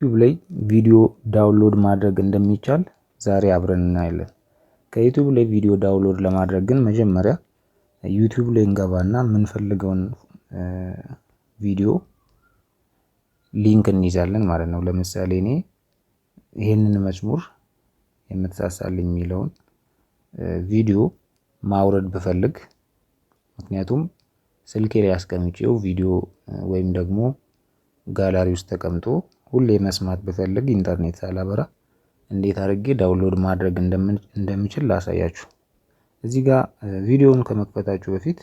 ዩቲዩብ ላይ ቪዲዮ ዳውንሎድ ማድረግ እንደሚቻል ዛሬ አብረን እናያለን። ከዩቲዩብ ላይ ቪዲዮ ዳውንሎድ ለማድረግ ግን መጀመሪያ ዩቲዩብ ላይ እንገባና የምንፈልገውን ቪዲዮ ሊንክ እንይዛለን ማለት ነው። ለምሳሌ እኔ ይህንን መዝሙር የምትሳሳልኝ የሚለውን ቪዲዮ ማውረድ ብፈልግ ምክንያቱም ስልኬ ላይ አስቀምጬው ቪዲዮ ወይም ደግሞ ጋላሪ ውስጥ ተቀምጦ ሁሌ መስማት ብፈልግ ኢንተርኔት ሳላበራ እንዴት አድርጌ ዳውንሎድ ማድረግ እንደምችል ላሳያችሁ። እዚህ ጋር ቪዲዮውን ከመክፈታችሁ በፊት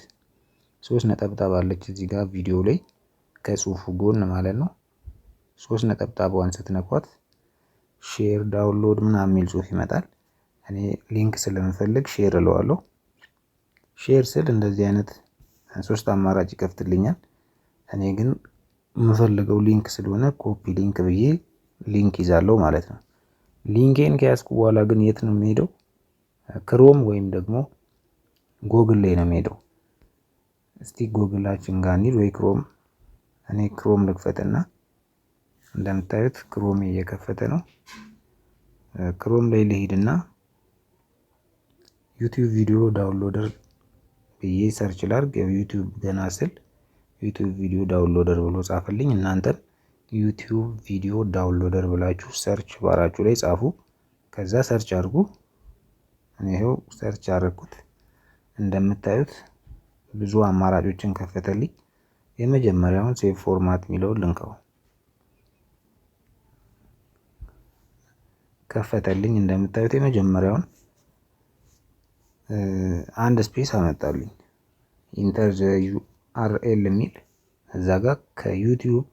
ሶስት ነጠብጣብ አለች እዚህ ጋር ቪዲዮ ላይ ከጽሁፉ ጎን ማለት ነው። ሶስት ነጠብጣቧን ስትነኳት ሼር ዳውንሎድ ምናምን የሚል ጽሁፍ ይመጣል። እኔ ሊንክ ስለምፈልግ ሼር እለዋለሁ። ሼር ስል እንደዚህ አይነት ሶስት አማራጭ ይከፍትልኛል። እኔ ግን የምፈልገው ሊንክ ስለሆነ ኮፒ ሊንክ ብዬ ሊንክ ይዛለሁ ማለት ነው። ሊንኬን ከያዝኩ በኋላ ግን የት ነው የሚሄደው? ክሮም ወይም ደግሞ ጎግል ላይ ነው የሚሄደው። እስቲ ጎግላችን ጋር እንሂድ ወይ ክሮም። እኔ ክሮም ልክፈትና እንደምታዩት ክሮም እየከፈተ ነው። ክሮም ላይ ልሂድና ዩቲዩብ ቪዲዮ ዳውንሎደር ብዬ ሰርች ላርግ። ዩቲዩብ ገና ስል ዩቲዩብ ቪዲዮ ዳውንሎደር ብሎ ጻፈልኝ። እናንተም ዩቲዩብ ቪዲዮ ዳውንሎደር ብላችሁ ሰርች ባራችሁ ላይ ጻፉ። ከዛ ሰርች አድርጉ። እኔ ሰርች አደረግኩት። እንደምታዩት ብዙ አማራጮችን ከፈተልኝ። የመጀመሪያውን ሴቭ ፎርማት የሚለውን ልንከው። ከፈተልኝ። እንደምታዩት የመጀመሪያውን አንድ ስፔስ አመጣልኝ ኢንተር ዘ አርኤል የሚል እዛ ጋር ከዩቲዩብ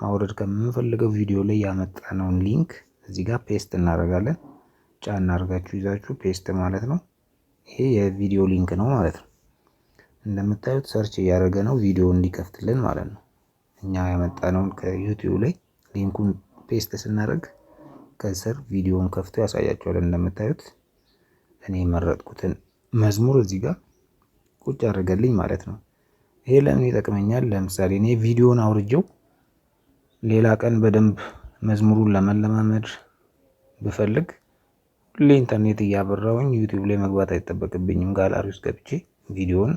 ማውረድ ከምንፈልገው ቪዲዮ ላይ ያመጣነውን ሊንክ እዚህ ጋር ፔስት እናደርጋለን። ጫና አድርጋችሁ ይዛችሁ ፔስት ማለት ነው። ይሄ የቪዲዮ ሊንክ ነው ማለት ነው። እንደምታዩት ሰርች እያደረገ ነው ቪዲዮ እንዲከፍትልን ማለት ነው። እኛ ያመጣነውን ከዩቲዩብ ላይ ሊንኩን ፔስት ስናደርግ ከስር ቪዲዮን ከፍቶ ያሳያቸዋል። እንደምታዩት እኔ የመረጥኩትን መዝሙር እዚህ ጋር ቁጭ አድርገልኝ ማለት ነው። ይሄ ለምን ይጠቅመኛል? ለምሳሌ እኔ ቪዲዮን አውርጀው ሌላ ቀን በደንብ መዝሙሩን ለመለማመድ ብፈልግ ሁሌ ኢንተርኔት እያበራውኝ ዩቲዩብ ላይ መግባት አይጠበቅብኝም። ጋላሪ ውስጥ ገብቼ ቪዲዮን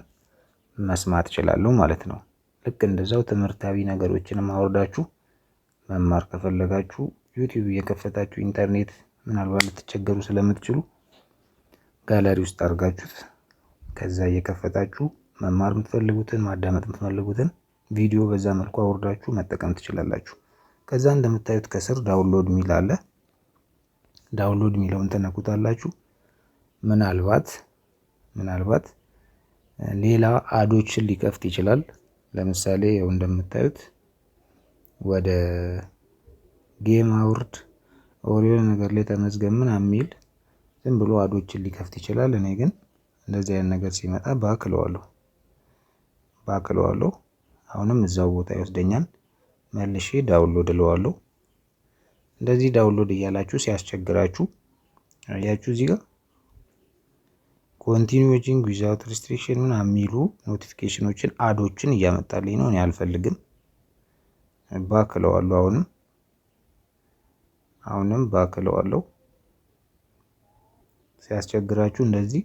መስማት እችላለሁ ማለት ነው። ልክ እንደዛው ትምህርታዊ ነገሮችንም አውርዳችሁ መማር ከፈለጋችሁ ዩቲዩብ እየከፈታችሁ ኢንተርኔት ምናልባት ልትቸገሩ ስለምትችሉ ጋላሪ ውስጥ አድርጋችሁት ከዛ እየከፈታችሁ መማር የምትፈልጉትን ማዳመጥ የምትፈልጉትን ቪዲዮ በዛ መልኩ አውርዳችሁ መጠቀም ትችላላችሁ። ከዛ እንደምታዩት ከስር ዳውንሎድ ሚል አለ። ዳውንሎድ ሚለውን ተነኩታላችሁ። ምናልባት ምናልባት ሌላ አዶችን ሊከፍት ይችላል። ለምሳሌ ያው እንደምታዩት ወደ ጌም አውርድ ኦሪዮን ነገር ላይ ተመዝገብ ምናምን የሚል ዝም ብሎ አዶችን ሊከፍት ይችላል። እኔ ግን እንደዚህ አይነት ነገር ሲመጣ ባክለዋለሁ። ባክለዋለሁ አሁንም እዛው ቦታ ይወስደኛል። መልሼ ዳውንሎድ እለዋለሁ። እንደዚህ ዳውንሎድ እያላችሁ ሲያስቸግራችሁ አያችሁ እዚህ ጋር ኮንቲኒው ዊዛውት ሪስትሪክሽን ምን የሚሉ ኖቲፊኬሽኖችን አዶችን እያመጣልኝ ነው። እኔ አልፈልግም። ባክ አሁንም አሁንም ባክ ሲያስቸግራችሁ እንደዚህ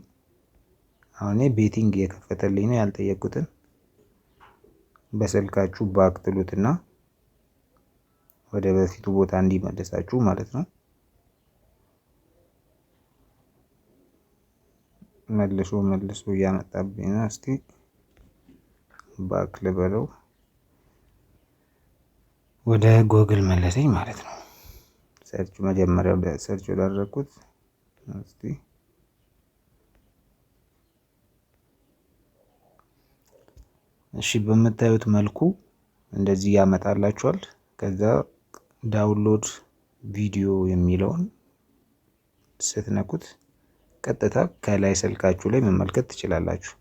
አሁን ቤቲንግ እየከፈተልኝ ነው ያልጠየቁትን በስልካችሁ ባክ ትሉትና ወደ በፊቱ ቦታ እንዲመልሳችሁ ማለት ነው። መልሶ መልሶ እያመጣብኝ ነው። እስቲ ባክ ልበለው ወደ ጎግል መለሰኝ ማለት ነው። ሰርች መጀመሪያ ሰርች ወዳደረግኩት እስቲ እሺ በምታዩት መልኩ እንደዚህ ያመጣላችኋል። ከዛ ዳውንሎድ ቪዲዮ የሚለውን ስትነኩት ቀጥታ ከላይ ስልካችሁ ላይ መመልከት ትችላላችሁ።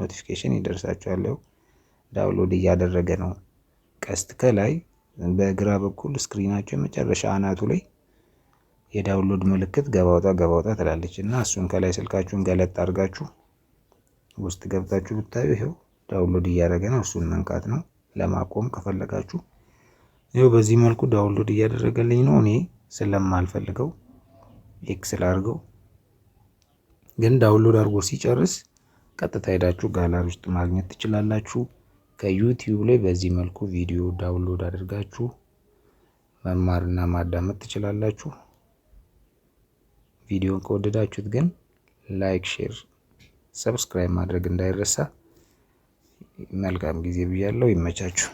ኖቲፊኬሽን ይደርሳችኋል። ያው ዳውንሎድ እያደረገ ነው። ቀስት ከላይ በግራ በኩል ስክሪናችሁ የመጨረሻ አናቱ ላይ የዳውንሎድ ምልክት ገባውጣ ገባውጣ ትላለች እና እሱን ከላይ ስልካችሁን ገለጥ አድርጋችሁ ውስጥ ገብታችሁ ብታዩ ይሄው ዳውንሎድ እያደረገ ነው። እሱን መንካት ነው። ለማቆም ከፈለጋችሁ ይኸው በዚህ መልኩ ዳውንሎድ እያደረገልኝ ነው። እኔ ስለማልፈልገው ኤክስ ላድርገው። ግን ዳውንሎድ አድርጎ ሲጨርስ ቀጥታ ሄዳችሁ ጋላሪ ውስጥ ማግኘት ትችላላችሁ። ከዩቲዩብ ላይ በዚህ መልኩ ቪዲዮ ዳውንሎድ አድርጋችሁ መማርና ማዳመጥ ትችላላችሁ። ቪዲዮን ከወደዳችሁት ግን ላይክ፣ ሼር፣ ሰብስክራይብ ማድረግ እንዳይረሳ። መልካም ጊዜ ብያለሁ። ይመቻችሁ